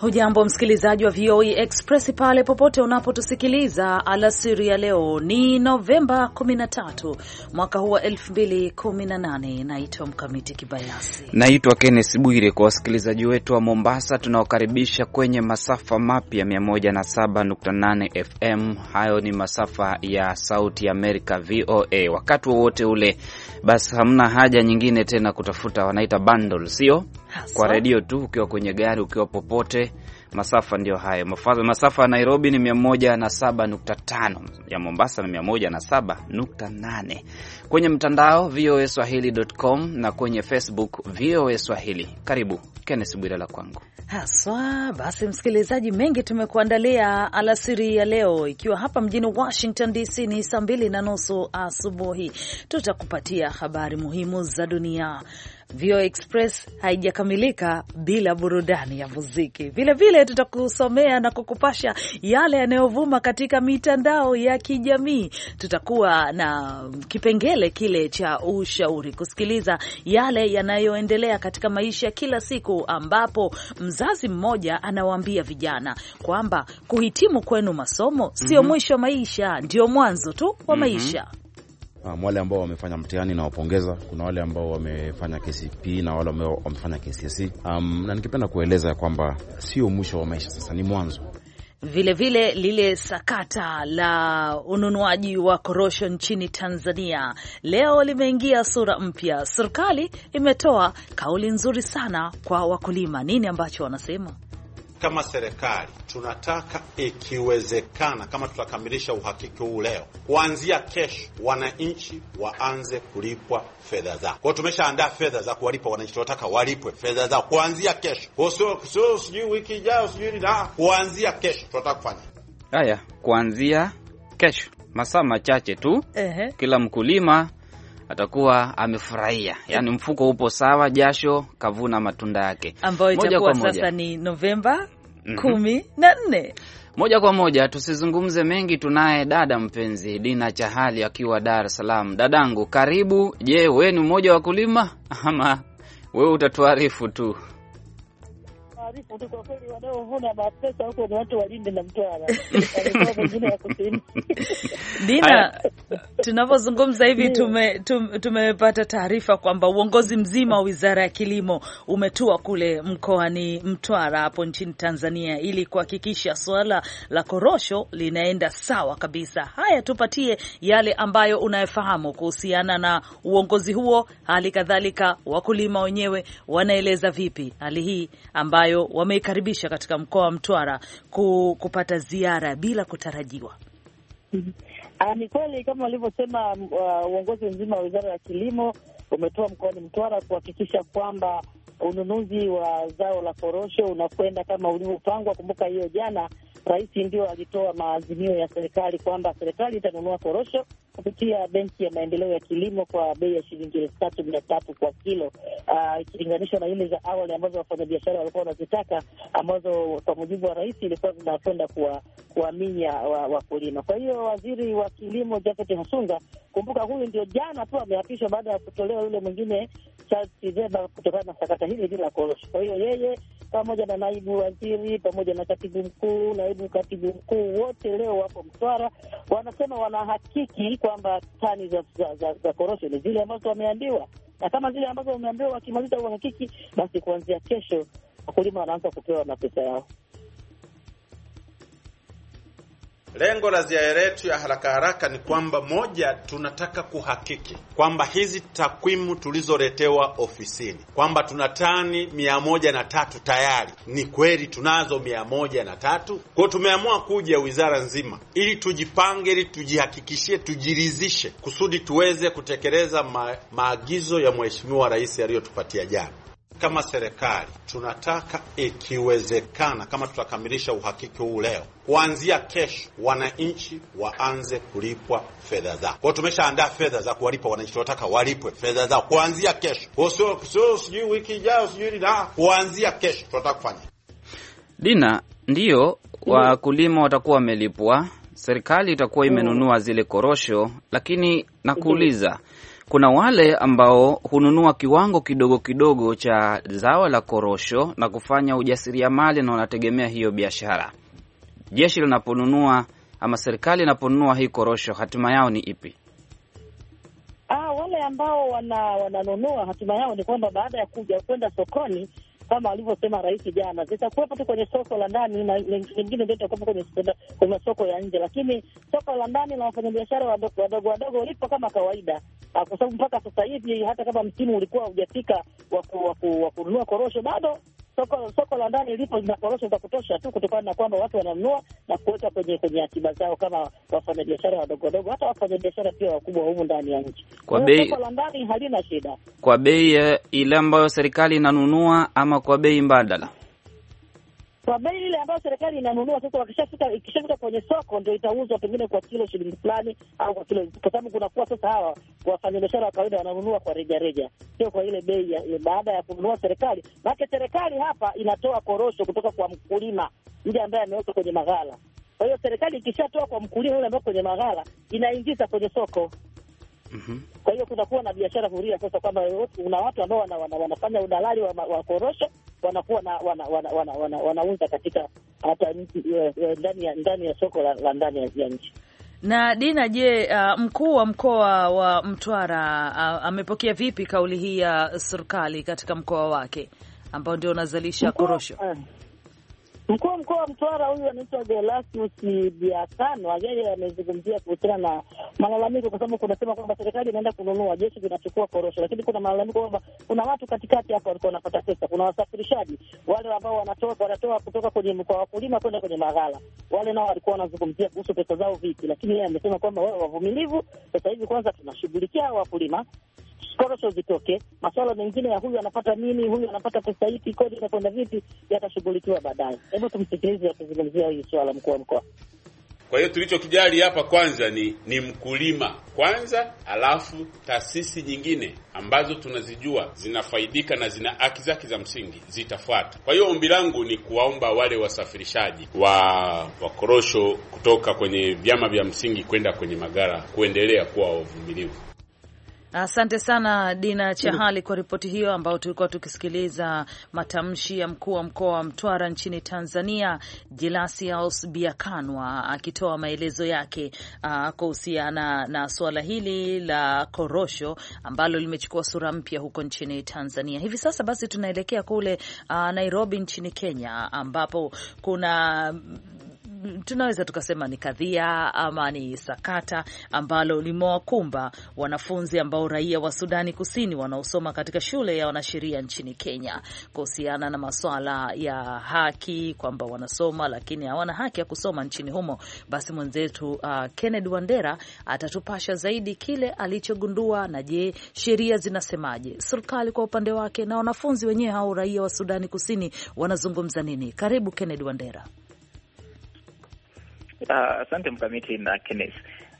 Hujambo msikilizaji wa VOA e Express pale popote unapotusikiliza alasiri ya leo. Ni Novemba 13 mwaka huu wa 2018. Naitwa Mkamiti Kibayasi, naitwa Kennes Bwire. Kwa wasikilizaji wetu wa Mombasa, tunaokaribisha kwenye masafa mapya 107.8 FM. Hayo ni masafa ya Sauti Amerika, VOA, e. wakati wowote ule basi hamna haja nyingine tena kutafuta, wanaita bundle, sio kwa redio tu, ukiwa kwenye gari, ukiwa popote. Masafa ndio hayo, masafa ya Nairobi ni 107.5, ya Mombasa ni 107.8 kwenye mtandao VOA Swahili.com na kwenye Facebook VOA Swahili. Karibu Kennes Bwira la kwangu haswa. Basi msikilizaji, mengi tumekuandalia alasiri ya leo, ikiwa hapa mjini Washington DC ni saa mbili na nusu asubuhi. Tutakupatia habari muhimu za dunia. Vio Express haijakamilika bila burudani ya muziki. Vilevile tutakusomea na kukupasha yale yanayovuma katika mitandao ya kijamii. Tutakuwa na kipengele kipengele kile cha ushauri, kusikiliza yale yanayoendelea katika maisha kila siku, ambapo mzazi mmoja anawaambia vijana kwamba kuhitimu kwenu masomo sio mm -hmm. mwisho wa maisha, ndio mwanzo tu wa mm -hmm. maisha. Um, wale ambao wamefanya mtihani nawapongeza. Kuna wale ambao wamefanya KCP na wale ambao wamefanya KCSE. Um, na nikipenda kueleza kwamba sio mwisho wa maisha, sasa ni mwanzo vilevile vile, lile sakata la ununuaji wa korosho nchini Tanzania leo limeingia sura mpya. Serikali imetoa kauli nzuri sana kwa wakulima. Nini ambacho wanasema? Kama serikali tunataka ikiwezekana, kama tutakamilisha uhakiki huu leo, kuanzia kesho wananchi waanze kulipwa fedha zao. Kwao tumeshaandaa fedha za kuwalipa wananchi, tunataka walipwe fedha zao kuanzia kesho, sio sijui wiki ijayo, sijui nini. Kuanzia kesho tunataka kufanya haya, kuanzia kesho, masaa machache tu. Ehe, kila mkulima atakuwa amefurahia, yani mfuko upo sawa, jasho kavuna matunda yake, ambayo itakuwa sasa ni Novemba mhm. kumi na nne. Moja kwa moja tusizungumze mengi, tunaye dada mpenzi Dina Chahali akiwa Dar es Salaam. Dadangu karibu. Je, wewe ni mmoja wa kulima ama wewe utatuarifu tu? taarifu tu kwa kweli, wanaovuna mapesa huko ni watu na Mtwara Dina, tunavyozungumza hivi tumepata tume, taarifa kwamba uongozi mzima wa Wizara ya Kilimo umetua kule mkoani Mtwara hapo nchini Tanzania ili kuhakikisha suala la korosho linaenda sawa kabisa. Haya, tupatie yale ambayo unayofahamu kuhusiana na uongozi huo, hali kadhalika wakulima wenyewe wanaeleza vipi hali hii ambayo wameikaribisha katika mkoa wa Mtwara kupata ziara bila kutarajiwa? Mhm. Ah, ni kweli kama walivyosema uongozi uh, mzima wa wizara ya kilimo umetoa mkoani Mtwara kuhakikisha kwamba ununuzi wa zao la korosho unakwenda kama ulivyopangwa. Kumbuka hiyo jana Rais ndio alitoa maazimio ya serikali kwamba serikali itanunua korosho kupitia Benki ya Maendeleo ya Kilimo kwa bei ya shilingi elfu tatu mia tatu kwa kilo ah, ikilinganishwa uh, na ile za awali ambazo wafanyabiashara walikuwa wanazitaka ambazo kwa mujibu wa rais ilikuwa zinakwenda kuwaminya wakulima. Kwa hiyo waziri wa kilimo Jafet Hasunga, kumbuka huyu ndio jana tu ameapishwa baada ya kutolewa yule mwingine Charles kutokana na sakata hili hili la korosho. Kwa hiyo yeye pamoja na naibu waziri pamoja na katibu mkuu, naibu katibu mkuu wote leo wapo Mtwara. Wanasema wanahakiki kwamba tani za, za, za, za korosho ni zile ambazo wameambiwa, na kama zile ambazo wameambiwa wakimaliza uhakiki, basi kuanzia kesho wakulima wanaanza kupewa mapesa yao. Lengo la ziara yetu ya haraka haraka ni kwamba, moja, tunataka kuhakiki kwamba hizi takwimu tulizoletewa ofisini kwamba tuna tani mia moja na tatu tayari, ni kweli tunazo mia moja na tatu kwao. Tumeamua kuja wizara nzima ili tujipange, ili tujihakikishie, tujirizishe kusudi tuweze kutekeleza ma maagizo ya Mheshimiwa Rais aliyotupatia jana. Kama serikali tunataka ikiwezekana, kama tutakamilisha uhakiki huu leo, kuanzia kesho wananchi waanze kulipwa fedha zao. Kwao tumeshaandaa fedha za kuwalipa wananchi, tunataka walipwe fedha zao kuanzia kesho, sio sijui wiki ijayo, sijui na kuanzia kesho tunataka kufanya dina. Ndiyo, mm. wakulima watakuwa wamelipwa, serikali itakuwa mm. imenunua zile korosho, lakini nakuuliza mm-hmm kuna wale ambao hununua kiwango kidogo kidogo cha zao la korosho na kufanya ujasiriamali na wanategemea hiyo biashara. Jeshi linaponunua ama serikali inaponunua hii korosho, hatima yao ni ipi? Ah, wale ambao wananunua wana hatima yao ni kwamba baada ya kuja kwenda sokoni kama alivyosema rais jana, zitakuwepo tu kwenye soko la ndani na lingine ndio itakuwepo kwenye, kwenye masoko ya nje, lakini soko la ndani la wafanyabiashara wadogo wadogo lipo kama kawaida, ah, kwa sababu mpaka sasa hivi hata kama msimu ulikuwa hujafika wa kununua korosho bado soko soko la ndani lipo lina korosho za kutosha tu, kutokana na kwamba watu wananunua na kuweka kwenye kwenye akiba zao, kama wafanyabiashara wadogo wadogo, hata wafanyabiashara pia wakubwa humu ndani ya nchi. Kwa bei soko la ndani halina shida, kwa bei ile ambayo serikali inanunua ama kwa bei mbadala kwa bei ile ambayo serikali inanunua. Sasa wakishafika ikishafika kwenye soko ndio itauzwa pengine kwa kilo shilingi fulani au kwa kilo, kwa sababu kunakuwa sasa hawa wafanyabiashara wa kawaida wananunua kwa rejareja, sio kwa ile bei baada ya kununua serikali. Maanake serikali hapa inatoa korosho kutoka kwa mkulima yule ambaye ameweka kwenye maghala. Kwa hiyo serikali ikishatoa kwa mkulima yule ambaye kwenye maghala inaingiza kwenye soko. Mm -hmm. Kwa hiyo kunakuwa na biashara huria sasa, kwamba una watu ambao wanafanya udalali wa, wa korosho wanakuwa na wana, wana, wana, wana, wanauza katika hata eh, eh, ndani ya ndani ya soko la, la ndani ya nchi. Na Dina, je, uh, mkuu wa mkoa wa Mtwara uh, amepokea vipi kauli hii ya serikali katika mkoa wake ambao ndio unazalisha korosho? Uh, Mkuu wa mkoa wa Mtwara huyu anaitwa Gelasius Biakano, yeye amezungumzia kuhusiana na malalamiko, kwa sababu kunasema kwamba serikali inaenda kununua, jeshi linachukua korosho, lakini kuna malalamiko kwamba kuna watu katikati hapa walikuwa wanapata pesa. Kuna wasafirishaji wale ambao wanatoa wanatoa kutoka kwenye mkoa wa wakulima kwenda kwenye maghala, wale nao walikuwa wanazungumzia kuhusu pesa zao vipi, lakini yeye amesema kwamba wao wavumilivu, sasa hivi kwanza tunashughulikia wakulima korosho zitoke. Masuala mengine ya huyu anapata nini, huyu anapata pesa ipi, kodi inakwenda vipi, yatashughulikiwa baadaye. Hebu tumsikilize akizungumzia hili swala, mkuu wa mkoa. Kwa hiyo tulichokijali hapa kwanza ni ni mkulima kwanza, alafu taasisi nyingine ambazo tunazijua zinafaidika na zina haki zake za msingi zitafuata. Kwa hiyo ombi langu ni kuwaomba wale wasafirishaji wa wakorosho kutoka kwenye vyama vya msingi kwenda kwenye magara kuendelea kuwa wavumilivu. Asante sana Dina Chahali kwa ripoti hiyo, ambayo tulikuwa tukisikiliza matamshi ya mkuu wa mkoa wa Mtwara nchini Tanzania, Gelasius Biakanwa akitoa maelezo yake ah, kuhusiana na suala hili la korosho ambalo limechukua sura mpya huko nchini Tanzania hivi sasa. Basi tunaelekea kule a, ah, Nairobi nchini Kenya ambapo kuna tunaweza tukasema ni kadhia ama ni sakata ambalo limewakumba wanafunzi ambao raia wa Sudani Kusini wanaosoma katika shule ya wanasheria nchini Kenya kuhusiana na maswala ya haki, kwamba wanasoma lakini hawana haki ya kusoma nchini humo. Basi mwenzetu uh, Kenneth Wandera atatupasha zaidi kile alichogundua, na je, sheria zinasemaje, serikali kwa upande wake na wanafunzi wenyewe hao raia wa Sudani Kusini wanazungumza nini? Karibu Kenneth Wandera. Ah, asante uh, mkamiti na Kenneth.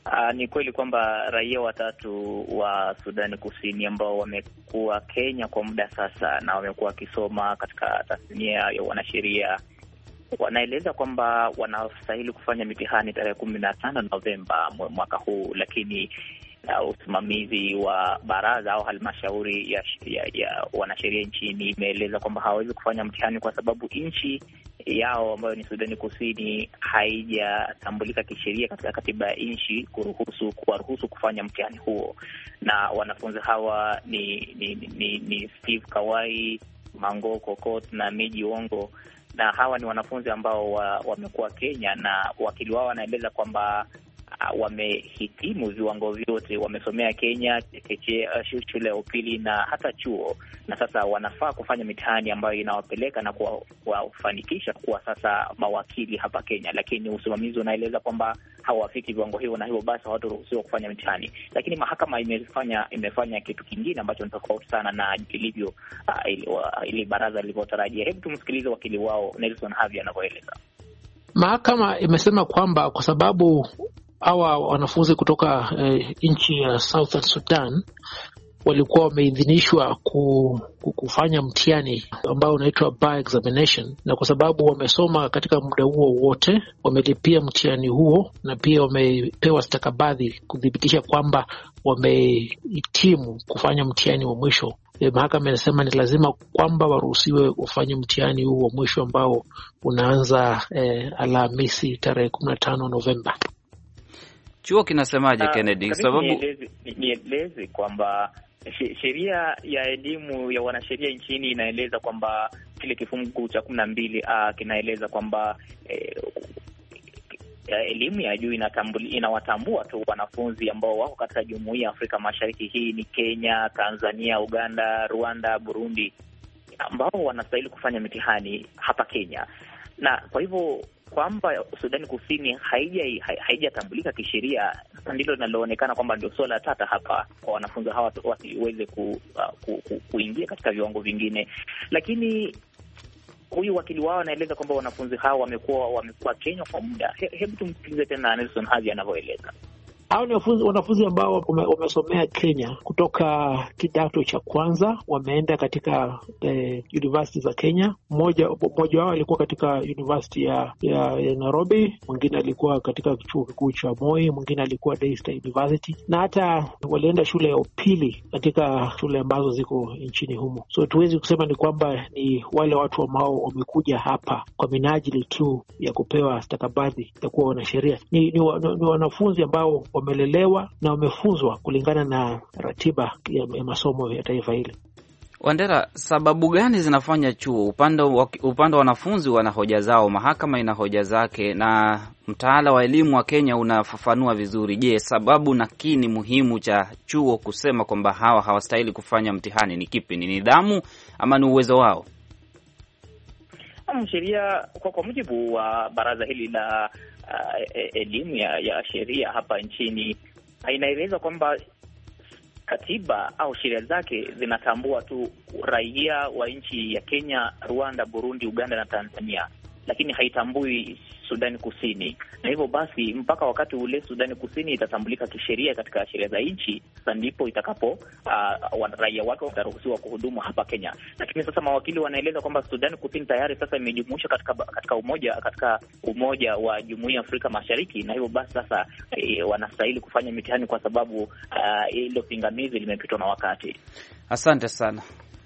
Uh, ni kweli kwamba raia watatu wa Sudani Kusini ambao wamekuwa Kenya kwa muda sasa na wamekuwa wakisoma katika tasnia ya wanasheria wanaeleza kwamba wanastahili kufanya mitihani tarehe kumi na tano Novemba mwaka huu, lakini uh, usimamizi wa baraza au halmashauri ya, ya, ya wanasheria nchini imeeleza kwamba hawawezi kufanya mtihani kwa sababu nchi yao ambayo ni Sudani Kusini haijatambulika kisheria katika katiba ya nchi kuruhusu kuwaruhusu kufanya mtihani huo, na wanafunzi hawa ni ni, ni, ni Steve Kawai, Mango Kokot na Miji Wongo, na hawa ni wanafunzi ambao wamekuwa Kenya, na wakili wao wanaeleza kwamba Ah, wamehitimu viwango vyote, wamesomea Kenya chekechea, eh, shule ya upili na hata chuo, na sasa wanafaa kufanya mitihani ambayo inawapeleka na kuwafanikisha kuwa, sasa mawakili hapa Kenya, lakini usimamizi unaeleza kwamba hawafiki viwango hivyo, na hivyo basi hawataruhusiwa kufanya mitihani. Lakini mahakama imefanya imefanya kitu kingine ambacho ni tofauti sana na ilivyo uh, ili baraza lilivyotarajia. Hebu tumsikilize wakili wao Nelson Havi anavyoeleza. Mahakama imesema kwamba kwa sababu hawa wanafunzi kutoka eh, nchi ya Southern Sudan walikuwa wameidhinishwa kufanya mtihani ambao unaitwa bar examination, na kwa sababu wamesoma katika muda huo wote, wamelipia mtihani huo na pia wamepewa stakabadhi kuthibitisha kwamba wamehitimu kufanya mtihani wa mwisho. E, mahakama inasema ni lazima kwamba waruhusiwe wafanye mtihani huu wa mwisho ambao unaanza e, Alhamisi tarehe kumi na tano Novemba chuo kinasemaje, ah, Kennedy? Kwa sababu nieleze kwamba sheria ya elimu ya wanasheria nchini inaeleza kwamba kile kifungu cha kumi na mbili ah, kinaeleza kwamba eh, eh, elimu ya juu inawatambua tu wanafunzi ambao wako katika jumuiya ya Afrika Mashariki. Hii ni Kenya, Tanzania, Uganda, Rwanda, Burundi, ambao wanastahili kufanya mitihani hapa Kenya, na kwa hivyo kwamba Sudani Kusini haijatambulika haija kisheria, ndilo linaloonekana kwamba ndio suala tata hapa, kwa wanafunzi hawa wasiweze ku, uh, ku, ku, kuingia katika viwango vingine, lakini huyu wakili wao anaeleza kwamba wanafunzi hao wamekuwa wamekuwa Kenya kwa muda. Hebu tumsikilize tena Nelson Havi anavyoeleza. Hao ni wanafunzi ambao wamesomea Kenya kutoka kidato cha kwanza, wameenda katika eh, university za Kenya. Mmoja wao alikuwa katika university ya, ya, ya Nairobi, mwingine alikuwa katika chuo kikuu cha Moi, mwingine alikuwa Daystar University, na hata walienda shule ya upili katika shule ambazo ziko nchini humo. So tuwezi kusema ni kwamba ni wale watu ambao wamekuja hapa kwa minajili tu ya kupewa stakabadhi ya kuwa wanasheria. Ni, ni, ni, ni wanafunzi ambao wamelelewa na wamefunzwa kulingana na ratiba ya masomo ya taifa hili. Wandera, sababu gani zinafanya chuo upande upande wa wanafunzi wana hoja zao, mahakama ina hoja zake, na mtaala wa elimu wa Kenya unafafanua vizuri. Je, sababu na kini muhimu cha chuo kusema kwamba hawa hawastahili kufanya mtihani ni kipi? Ni nidhamu ama ni uwezo wao? sheria kwa, kwa mujibu wa baraza hili la uh, e, elimu ya, ya sheria hapa nchini inaeleza kwamba katiba au sheria zake zinatambua tu raia wa nchi ya Kenya, Rwanda, Burundi, Uganda na Tanzania lakini haitambui Sudani Kusini, na hivyo basi mpaka wakati ule Sudani Kusini itatambulika kisheria katika sheria za nchi, sasa ndipo itakapo uh, raia wake wataruhusiwa kuhudumu hapa Kenya. Lakini sasa mawakili wanaeleza kwamba Sudani Kusini tayari sasa imejumuishwa katika, katika umoja katika umoja wa Jumuiya ya Afrika Mashariki, na hivyo basi sasa e, wanastahili kufanya mitihani kwa sababu ah, hilo uh, pingamizi limepitwa na wakati. Asante sana.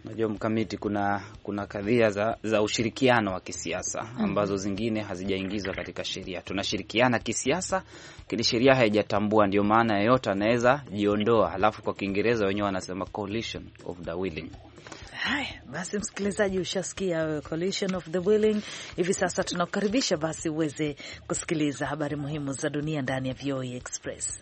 Unajua mkamiti, kuna kuna kadhia za, za ushirikiano wa kisiasa mm. ambazo zingine hazijaingizwa katika sheria. Tunashirikiana kisiasa, lakini sheria haijatambua, ndio maana yeyote anaweza jiondoa. alafu kwa Kiingereza wenyewe wanasema coalition of the willing. Haya basi, msikilizaji, ushasikia coalition of the willing. Hivi sasa tunakukaribisha basi uweze kusikiliza habari muhimu za dunia ndani ya VOA e Express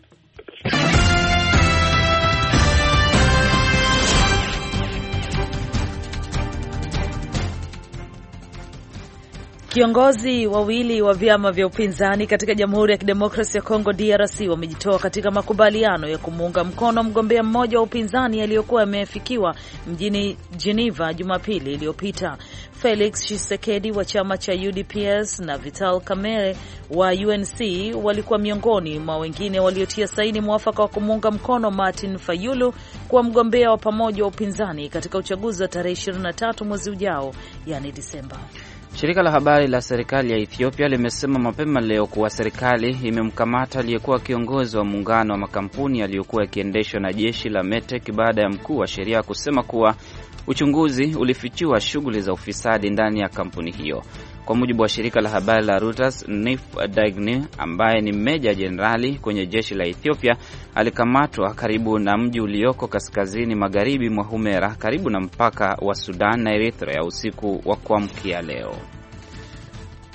Kiongozi wawili wa vyama vya upinzani katika Jamhuri ya Kidemokrasi ya Kongo DRC wamejitoa katika makubaliano ya kumuunga mkono mgombea mmoja wa upinzani aliyokuwa yamefikiwa mjini Geneva Jumapili iliyopita. Felix Tshisekedi wa chama cha UDPS na Vital Kamerhe wa UNC walikuwa miongoni mwa wengine waliotia saini mwafaka wa kumuunga mkono Martin Fayulu kuwa mgombea wa pamoja wa upinzani katika uchaguzi wa tarehe 23 mwezi ujao, yani Disemba. Shirika la habari la serikali ya Ethiopia limesema mapema leo kuwa serikali imemkamata aliyekuwa kiongozi wa muungano wa makampuni yaliyokuwa yakiendeshwa na jeshi la metec baada ya mkuu wa sheria kusema kuwa uchunguzi ulifichua shughuli za ufisadi ndani ya kampuni hiyo. Kwa mujibu wa shirika la habari la Reuters, Nif Dagni ambaye ni meja jenerali kwenye jeshi la Ethiopia alikamatwa karibu na mji ulioko kaskazini magharibi mwa Humera karibu na mpaka wa Sudan na Eritrea usiku wa kuamkia leo.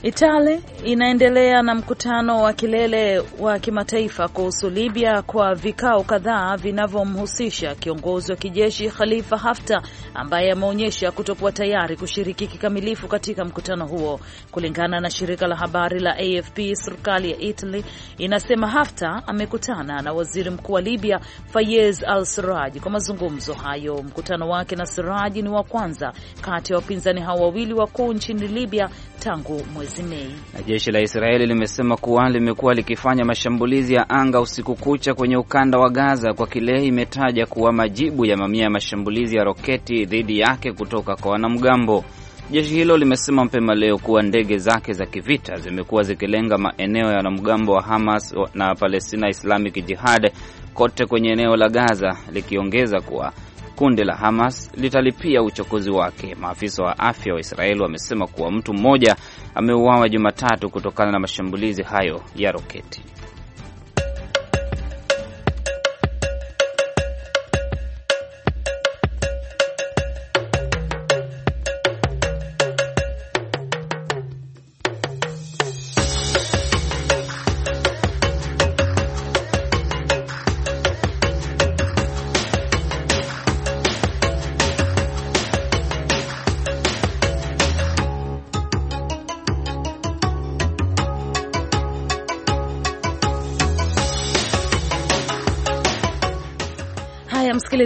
Itali inaendelea na mkutano wa kilele wa kimataifa kuhusu Libya kwa vikao kadhaa vinavyomhusisha kiongozi wa kijeshi Khalifa Haftar ambaye ameonyesha kutokuwa tayari kushiriki kikamilifu katika mkutano huo. Kulingana na shirika la habari la AFP, serikali ya Italy inasema Haftar amekutana na waziri mkuu wa Libya Fayez al-Sarraj kwa mazungumzo hayo. Mkutano wake na Sarraj ni wa kwanza kati ya wapinzani hao wawili wakuu nchini Libya tangu mwezi mwezi Mei. Na jeshi la Israeli limesema kuwa limekuwa likifanya mashambulizi ya anga usiku kucha kwenye ukanda wa Gaza kwa kile imetaja kuwa majibu ya mamia ya mashambulizi ya roketi dhidi yake kutoka kwa wanamgambo. Jeshi hilo limesema mapema leo kuwa ndege zake za kivita zimekuwa zikilenga maeneo ya wanamgambo wa Hamas na Palestina Islamic Jihad kote kwenye eneo la Gaza, likiongeza kuwa kundi la Hamas litalipia uchokozi wake. Maafisa wa afya wa Israeli wamesema kuwa mtu mmoja ameuawa Jumatatu kutokana na mashambulizi hayo ya roketi.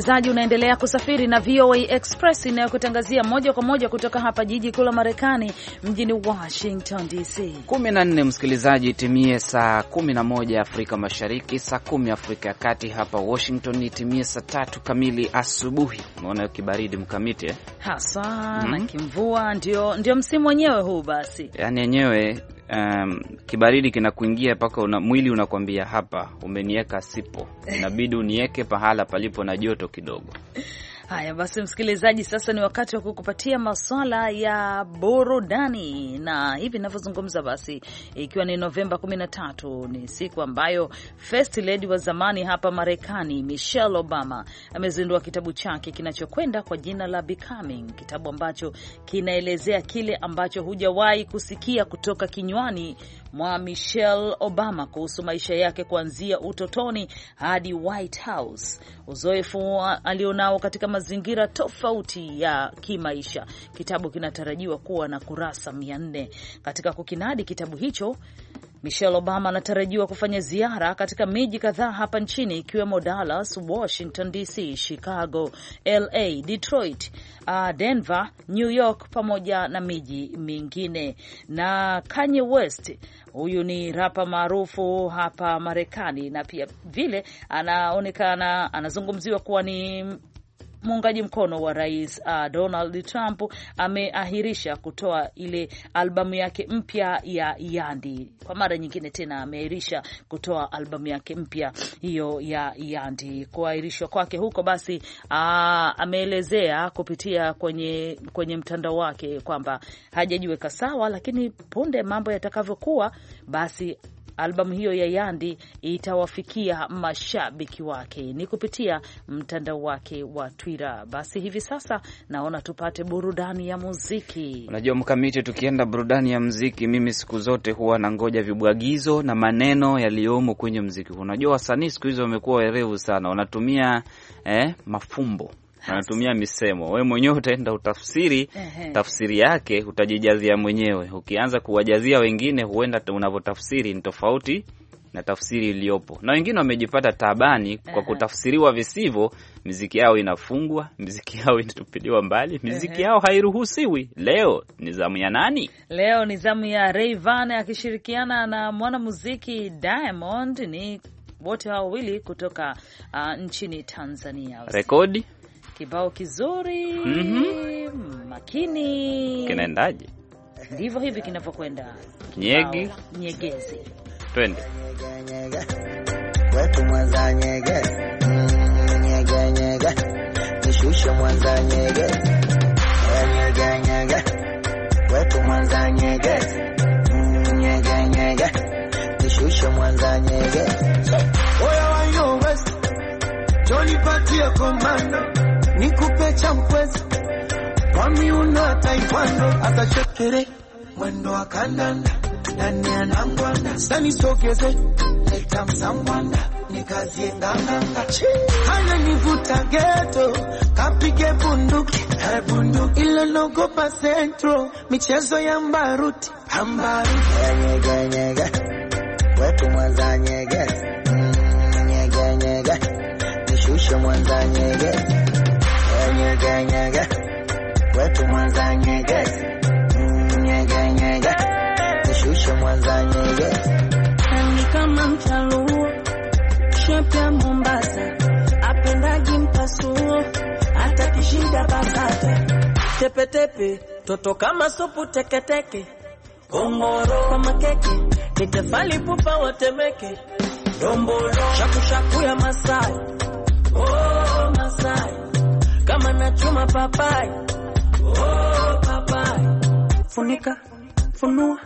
Msikilizaji, unaendelea kusafiri na VOA Express inayokutangazia moja kwa moja kutoka hapa jiji kuu la Marekani, mjini Washington DC. 14 msikilizaji, timie saa 11 Afrika Mashariki, saa 10 Afrika ya Kati. Hapa Washington itimie saa tatu kamili asubuhi. Unaona kibaridi mkamite eh? haswa mm -hmm. na mhm. kimvua, ndio ndio msimu wenyewe huu basi, yani yenyewe um, kibaridi kinakuingia mpaka una, mwili unakwambia hapa umeniweka sipo, inabidi unieke pahala palipo na joto kidogo. Haya basi, msikilizaji, sasa ni wakati wa kukupatia maswala ya burudani, na hivi ninavyozungumza, basi ikiwa ni Novemba 13 ni siku ambayo First Lady wa zamani hapa Marekani Michelle Obama amezindua kitabu chake kinachokwenda kwa jina la Becoming, kitabu ambacho kinaelezea kile ambacho hujawahi kusikia kutoka kinywani mwa Michelle Obama kuhusu maisha yake kuanzia utotoni hadi White House, uzoefu alionao katika mazingira tofauti ya kimaisha. Kitabu kinatarajiwa kuwa na kurasa mia nne. Katika kukinadi kitabu hicho, Michelle Obama anatarajiwa kufanya ziara katika miji kadhaa hapa nchini ikiwemo Dallas, Washington DC, Chicago, LA, Detroit, uh, Denver, New York pamoja na miji mingine. Na Kanye West huyu ni rapa maarufu hapa Marekani na pia vile anaonekana anazungumziwa kuwa ni muungaji mkono wa rais uh, Donald Trump ameahirisha kutoa ile albamu yake mpya ya Yandi. Kwa mara nyingine tena ameahirisha kutoa albamu yake mpya hiyo ya Yandi. Kuahirishwa kwake huko basi, uh, ameelezea kupitia kwenye, kwenye mtandao wake kwamba hajajiweka sawa, lakini punde mambo yatakavyokuwa basi albamu hiyo ya Yandi itawafikia mashabiki wake ni kupitia mtandao wake wa Twitter. Basi hivi sasa naona tupate burudani ya muziki. Unajua Mkamiti, tukienda burudani ya muziki, mimi siku zote huwa nangoja vibwagizo na maneno yaliyomo kwenye muziki huu. Unajua wasanii siku hizo wamekuwa werevu sana, wanatumia eh, mafumbo anatumia misemo, wewe mwenyewe utaenda utafsiri tafsiri yake, utajijazia mwenyewe. Ukianza kuwajazia wengine, huenda unavyotafsiri ni tofauti na tafsiri iliyopo, na wengine wamejipata tabani kwa kutafsiriwa visivyo. Miziki yao inafungwa, miziki yao inatupiliwa mbali, miziki yao hairuhusiwi. Leo ni zamu ya nani? Leo ni zamu ya Rayvan akishirikiana na mwanamuziki Diamond, ni wote hao wawili kutoka uh, nchini Tanzania. Rekodi Kibao kizuri mm -hmm. Makini, kinaendaje? Ndivyo hivi kinavyokwenda nyegi nyegezi, twende wetu mwanza nyege mm, nyege nyege nishushe mwanza nyege eh, nyege nyege wetu mwanza nyege mm, nyege nyege nishushe mwanza nyege oya wanyo west tonipatia komanda nikupe cha mkwezi kwa miuna taekwondo akachokere mwendo wa kandanda ndani ya nangwanda sanisogeze leta msambwanda nikazie nganganga hana nivuta geto kapige bunduki bunduki ilo nogopa centro michezo ya mbaruti ambaruti nyeganyega wetu mwanza nyege mm, nyeganyega nishushe mwanza nyege nyege wetu Mwanza nyege mm, nyege nyege Mwanza nyege ni kama mchaluo shepya Mombasa apendaji mpasuo atakishida basata tepetepe toto kama supu teketeke gongoro kwa makeke nitefali pupa watemeke dombolo shakushaku ya Masai oh, Masai kama nachuma papai. Oh, papai. Funika, funua,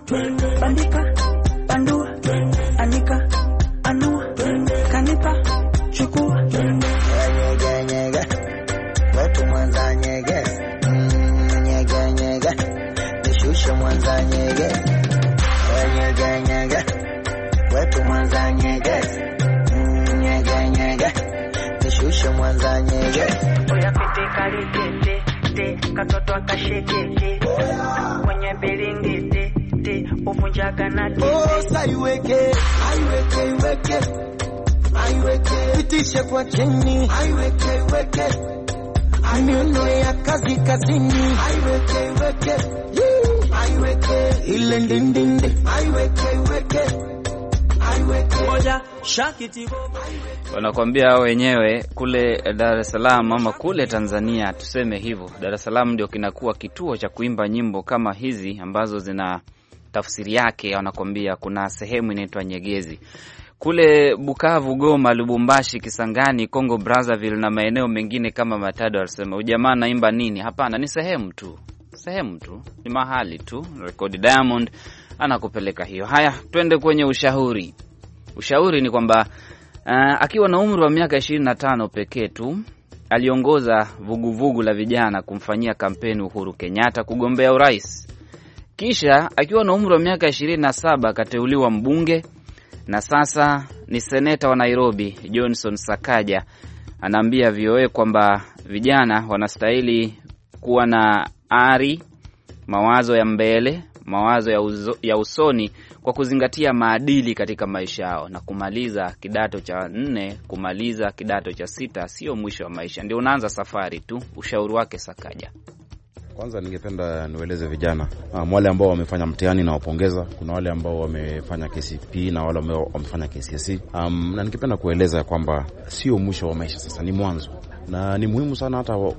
bandika, bandua, anika, anua, kanipa, chukua. Nyege, nyege, wetu Mwanza nyege. Mm, nyege, nyege, nishushe Mwanza nyege. Nyege, nyege, wetu Mwanza nyege. mwanamke mwanzanyeje uyapitikalitete katoto akashekeke mwenye bilingiti uvunjaga na oh, saiweke aiweke iweke aiweke pitishe kwa chini aiweke iweke miono ya kazi kazini aiweke weke, aiweke ile ndindinde weke, iweke wanakuambia wenyewe kule Dar es Salaam ama kule Tanzania, tuseme hivyo. Dar es Salaam ndio kinakuwa kituo cha kuimba nyimbo kama hizi ambazo zina tafsiri yake. Wanakuambia kuna sehemu inaitwa Nyegezi kule Bukavu, Goma, Lubumbashi, Kisangani, Congo Brazzaville na maeneo mengine kama Matado. Alisema ujamaa naimba nini? Hapana, ni sehemu tu, sehemu tu, ni mahali tu. Rekodi Diamond anakupeleka hiyo. Haya, twende kwenye ushauri. Ushauri ni kwamba uh, akiwa na umri wa miaka ishirini na tano pekee tu aliongoza vuguvugu la vijana kumfanyia kampeni Uhuru Kenyatta kugombea urais. Kisha akiwa na umri wa miaka ishirini na saba akateuliwa mbunge na sasa ni seneta wa Nairobi. Johnson Sakaja anaambia VOA kwamba vijana wanastahili kuwa na ari, mawazo ya mbele, mawazo ya, uzo, ya usoni kwa kuzingatia maadili katika maisha yao, na kumaliza kidato cha nne, kumaliza kidato cha sita sio mwisho wa maisha, ndio unaanza safari tu. Ushauri wake Sakaja. Kwanza ningependa niweleze vijana ah, wale ambao wamefanya mtihani na wapongeza. Kuna wale ambao wamefanya KCP na wale ambao wamefanya KCSE. Um, na ningependa kueleza kwamba sio mwisho wa maisha, sasa ni mwanzo na ni muhimu sana hata eh,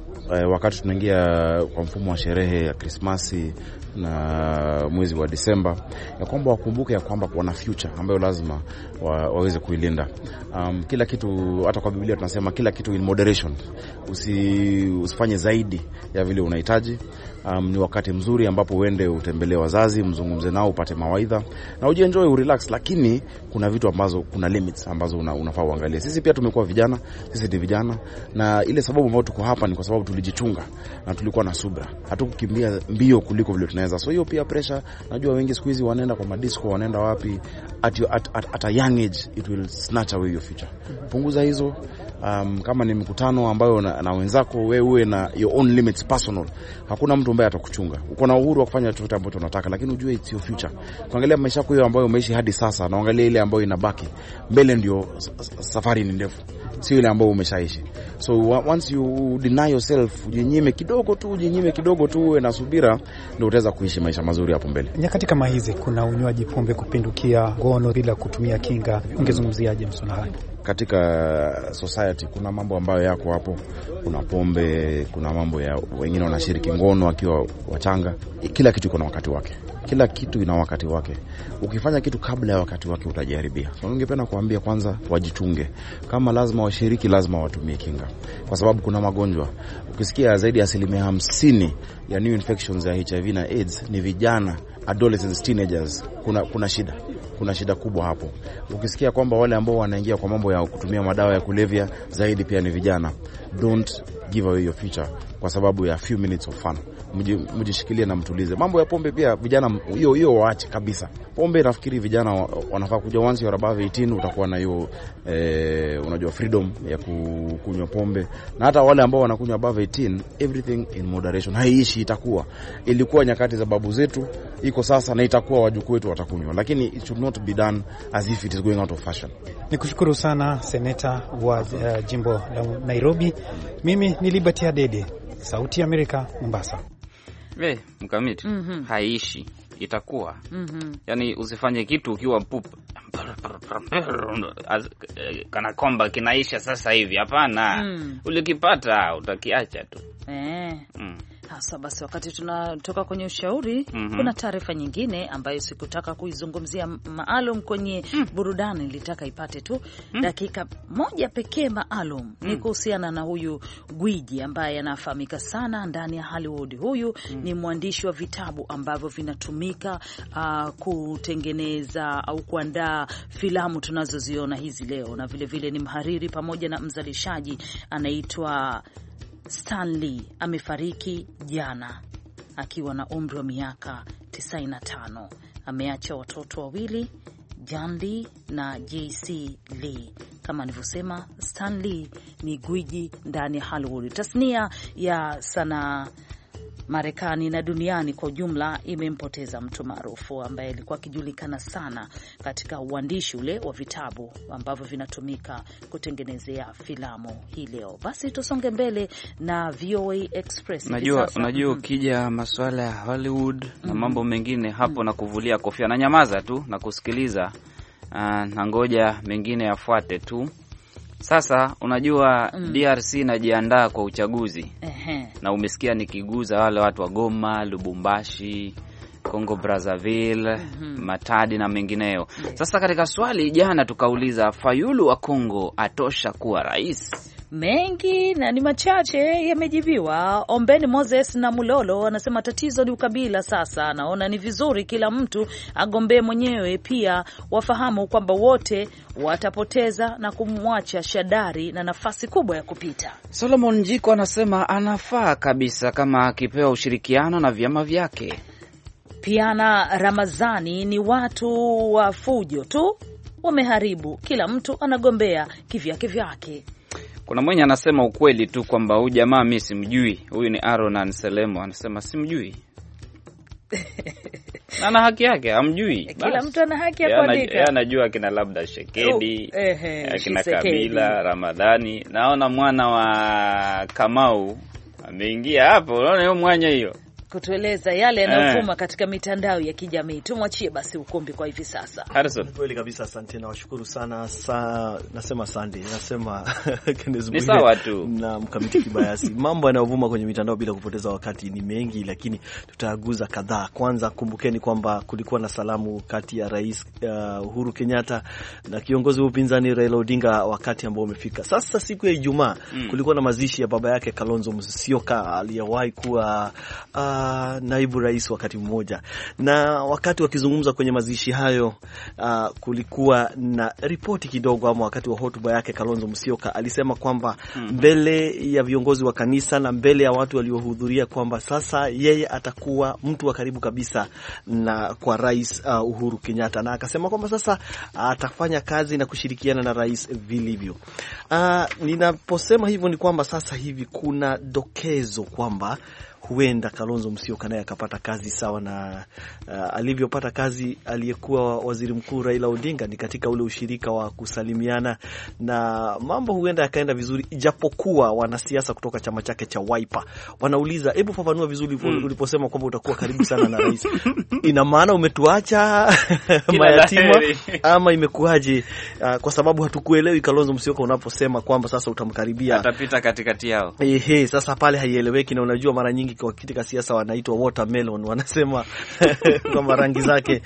wakati tunaingia kwa mfumo wa sherehe ya Krismasi na mwezi wa Disemba, ya kwamba wakumbuke ya kwamba wana future ambayo lazima wa, waweze kuilinda. Um, kila kitu hata kwa Biblia tunasema kila kitu in moderation. Usi, usifanye zaidi ya vile unahitaji. Um, ni wakati mzuri ambapo uende utembelee wazazi, mzungumze nao, upate mawaidha na ujienjoy, urelax, lakini kuna vitu ambazo kuna limits ambazo una, unafaa uangalie. Sisi pia tumekuwa vijana, sisi ni vijana, na ile sababu ambayo tuko hapa ni kwa sababu tulijichunga na tulikuwa na subra, hatukukimbia mbio kuliko vile tunaweza kutengeneza. So hiyo pia pressure, najua wengi siku hizi wanaenda kwa madisco, wanaenda wapi at, your, at, at, at a young age it will snatch away your future. Punguza hizo um, kama ni mkutano ambayo na, na wenzako wewe uwe na your own limits personal. Hakuna mtu ambaye atakuchunga. Uko na uhuru wa kufanya chochote ambacho unataka, lakini ujue it's your future. Kuangalia maisha yako ambayo umeishi hadi sasa na angalia ile ambayo inabaki mbele, ndio safari ni ndefu si yule ambao umeshaishi. So once you deny yourself, ujinyime kidogo tu, ujinyime kidogo tu, uwe na subira, ndio utaweza kuishi maisha mazuri hapo mbele. Nyakati kama hizi kuna unywaji pombe kupindukia, ngono bila kutumia kinga, ungezungumziaje Msonahani? katika society kuna mambo ambayo yako hapo, kuna pombe, kuna mambo ya wengine wanashiriki ngono wakiwa wachanga. Kila kitu iko na wakati wake, kila kitu ina wakati wake. Ukifanya kitu kabla ya wakati wake utajaribia. So ningependa kuambia kwanza, wajichunge. Kama lazima washiriki, lazima watumie kinga, kwa sababu kuna magonjwa. Ukisikia zaidi ya asilimia hamsini ya new infections ya HIV na AIDS ni vijana adolescents, teenagers, kuna, kuna shida kuna shida kubwa hapo. Ukisikia kwamba wale ambao wanaingia kwa mambo ya kutumia madawa ya kulevya zaidi pia ni vijana. Don't give away your future kwa sababu ya few minutes of fun. Mjishikilie na mtulize. Mambo ya pombe pia vijana, hiyo hiyo waache kabisa. Pombe nafikiri vijana wanafaa kuja, once you are above 18 utakuwa na hiyo eh, unajua freedom ya kunywa pombe, na hata wale ambao wanakunywa above 18, everything in moderation. Haiishi, itakuwa ilikuwa nyakati za babu zetu, iko sasa na itakuwa wajukuu wetu watakunywa, lakini it should not be done as if it is going out of fashion. Nikushukuru sana seneta wa uh, jimbo la Nairobi. Mimi ni Liberty Adede. Sauti ya Amerika, Mombasa. Hey, mkamiti mm -hmm. haiishi itakuwa mm -hmm. Yani usifanye kitu ukiwa pup kana kwamba kinaisha sasa hivi. Hapana mm. Ulikipata utakiacha tu eh. mm. Hasa basi, wakati tunatoka kwenye ushauri mm -hmm. Kuna taarifa nyingine ambayo sikutaka kuizungumzia maalum kwenye mm. burudani, nilitaka ipate tu mm. dakika moja pekee maalum mm. ni kuhusiana na huyu gwiji ambaye anafahamika sana ndani ya Hollywood. Huyu mm. ni mwandishi wa vitabu ambavyo vinatumika uh, kutengeneza au kuandaa filamu tunazoziona hizi leo, na vilevile vile ni mhariri pamoja na mzalishaji anaitwa Stanley amefariki jana akiwa na umri wa miaka 95. Ameacha watoto wawili Jan Lee na JC Lee. Kama alivyosema stanley ni gwiji ndani ya Hollywood, tasnia ya sanaa Marekani na duniani kwa ujumla imempoteza mtu maarufu ambaye alikuwa akijulikana sana katika uandishi ule wa vitabu ambavyo vinatumika kutengenezea filamu hii leo. Basi tusonge mbele na VOA Express. Unajua, unajua mm-hmm. ukija masuala ya Hollywood mm -hmm. na mm-hmm. mambo mengine hapo mm -hmm. na kuvulia kofia na nyamaza tu na kusikiliza uh, na ngoja mengine yafuate tu sasa unajua mm. DRC inajiandaa kwa uchaguzi Ehe. na umesikia nikiguza wale watu wa Goma, Lubumbashi, Congo Brazzaville mm -hmm. Matadi na mengineyo yes. Sasa katika swali jana tukauliza Fayulu wa Congo atosha kuwa rais? mengi na ni machache yamejibiwa. Ombeni Moses na Mulolo wanasema tatizo ni ukabila. Sasa naona ni vizuri kila mtu agombee mwenyewe, pia wafahamu kwamba wote watapoteza na kumwacha Shadari na nafasi kubwa ya kupita. Solomon Jiko anasema anafaa kabisa kama akipewa ushirikiano na vyama vyake. Piana Ramazani, ni watu wa fujo tu wameharibu, kila mtu anagombea kivyake vyake. Kuna mwenye anasema ukweli tu kwamba huyu jamaa mi simjui. Huyu ni Aaron Anselmo, anasema simjui ana haki yake, amjui. Eh, kila mtu ana haki ya kuandika, anajua akina labda Shekedi oh, eh, akina Kabila Ramadhani. Naona mwana wa Kamau ameingia hapo, unaona hiyo mwanya hiyo kutueleza yale yanayovuma eh. katika mitandao ya kijamii. Tumwachie basi ukumbi kwa hivi sasa. Kweli kabisa, asante, nawashukuru sana sa, nasema sande, nasema ni sawa tu na mkamiti kibayasi. Mambo yanayovuma kwenye mitandao bila kupoteza wakati ni mengi, lakini tutaaguza kadhaa. Kwanza kumbukeni kwamba kulikuwa na salamu kati ya Rais uh, Uhuru Kenyatta na kiongozi wa upinzani Raila Odinga wakati ambao umefika sasa. Siku ya Ijumaa mm. kulikuwa na mazishi ya baba yake Kalonzo Musyoka aliyewahi kuwa uh, naibu rais wakati mmoja, na wakati wakizungumza kwenye mazishi hayo uh, kulikuwa na ripoti kidogo, ama wakati wa hotuba yake Kalonzo Musyoka alisema kwamba -hmm. mbele ya viongozi wa kanisa na mbele ya watu waliohudhuria kwamba sasa yeye atakuwa mtu wa karibu kabisa na kwa rais uh, Uhuru Kenyatta, na akasema kwamba sasa atafanya kazi na kushirikiana na rais vilivyo. Uh, ninaposema hivyo ni kwamba sasa hivi kuna dokezo kwamba huenda Kalonzo Musyoka naye akapata kazi sawa na uh, alivyopata kazi aliyekuwa waziri mkuu Raila Odinga, ni katika ule ushirika wa kusalimiana na mambo huenda yakaenda vizuri, ijapokuwa wanasiasa kutoka chama chake cha Wiper wanauliza, hebu fafanua vizuri mm, uliposema kwamba utakuwa karibu sana na rais, ina maana umetuacha mayatima ama imekuwaje? Uh, kwa sababu hatukuelewi Kalonzo Musyoka unaposema kwamba sasa utamkaribia atapita katikati yao. Ehe, sasa pale haieleweki, na unajua mara nyingi katika siasa wanaitwa watermelon, wanasema kwamba rangi zake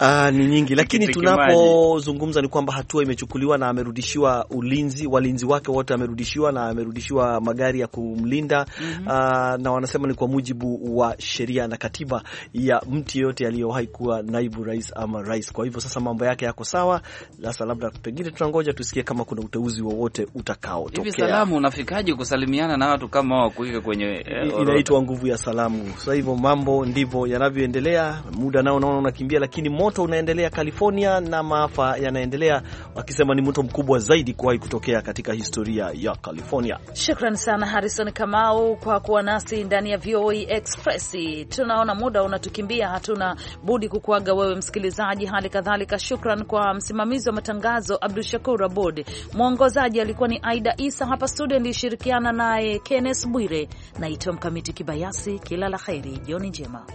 aa, ah, ni nyingi, lakini tunapozungumza ni kwamba hatua imechukuliwa na amerudishiwa ulinzi, walinzi wake wote amerudishiwa na amerudishiwa magari ya kumlinda mm -hmm. na wanasema ni kwa mujibu wa sheria na katiba ya mtu yeyote aliyowahi kuwa naibu rais ama rais. Kwa hivyo sasa mambo yake yako sawa. Sasa labda pengine tunangoja tusikie kama kuna uteuzi wowote utakaotokea. Hivi salamu unafikaje kusalimiana na watu kama wao kuika kwenye eh, inaitwa kwa nguvu ya salamu. Sasa hivyo mambo ndivyo yanavyoendelea. Muda nao naona unakimbia, lakini moto unaendelea California na maafa yanaendelea, wakisema ni moto mkubwa zaidi kuwahi kutokea katika historia ya California. Shukran sana Harrison Kamau kwa kuwa nasi ndani ya VOA Express. Tunaona muda unatukimbia, hatuna budi kukuaga wewe msikilizaji. Hali kadhalika shukran kwa msimamizi wa matangazo Abdul Shakur Abod, mwongozaji alikuwa ni Aida Isa, hapa studio nilishirikiana naye Kenneth Bwire. Naitwa Mkamiti Kibayasi, kila la heri, jioni njema.